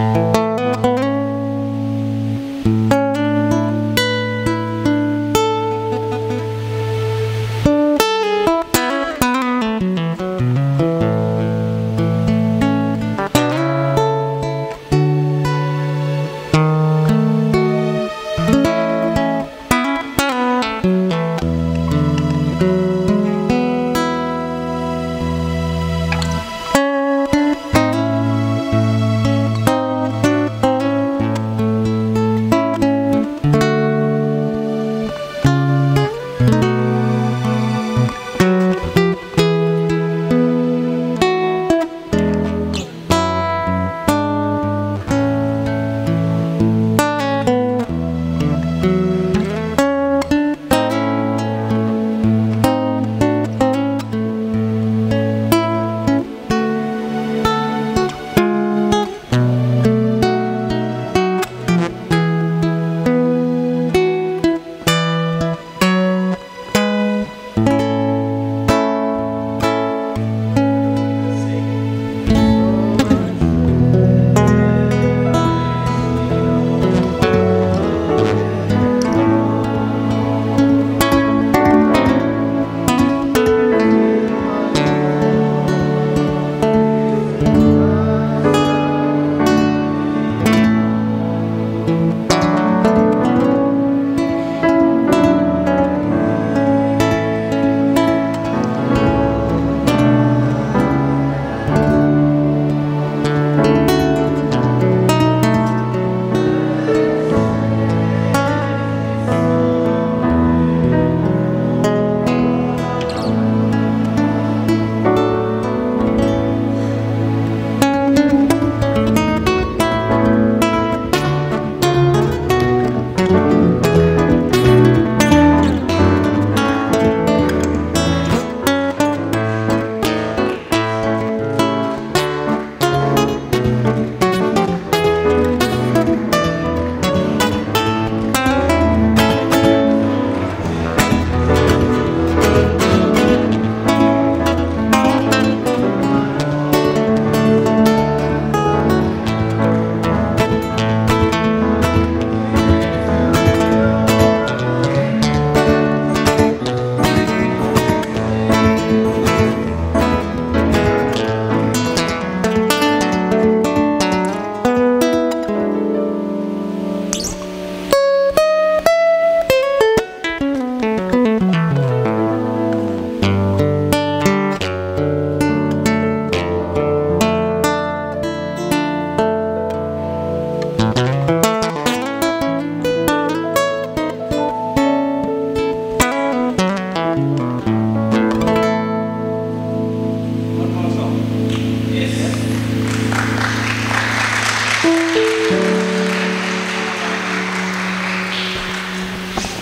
you.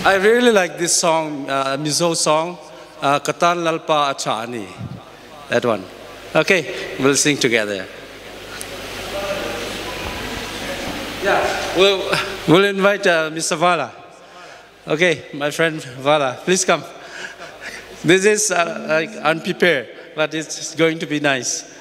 I really like this song, uh, Mizo song, uh, Katan Lalpa Achani. That one. Okay, we'll sing together. Yeah, we'll, we'll invite uh, Mr. Vala. Okay, my friend Vala, please come. This is uh, like unprepared, but it's going to be nice.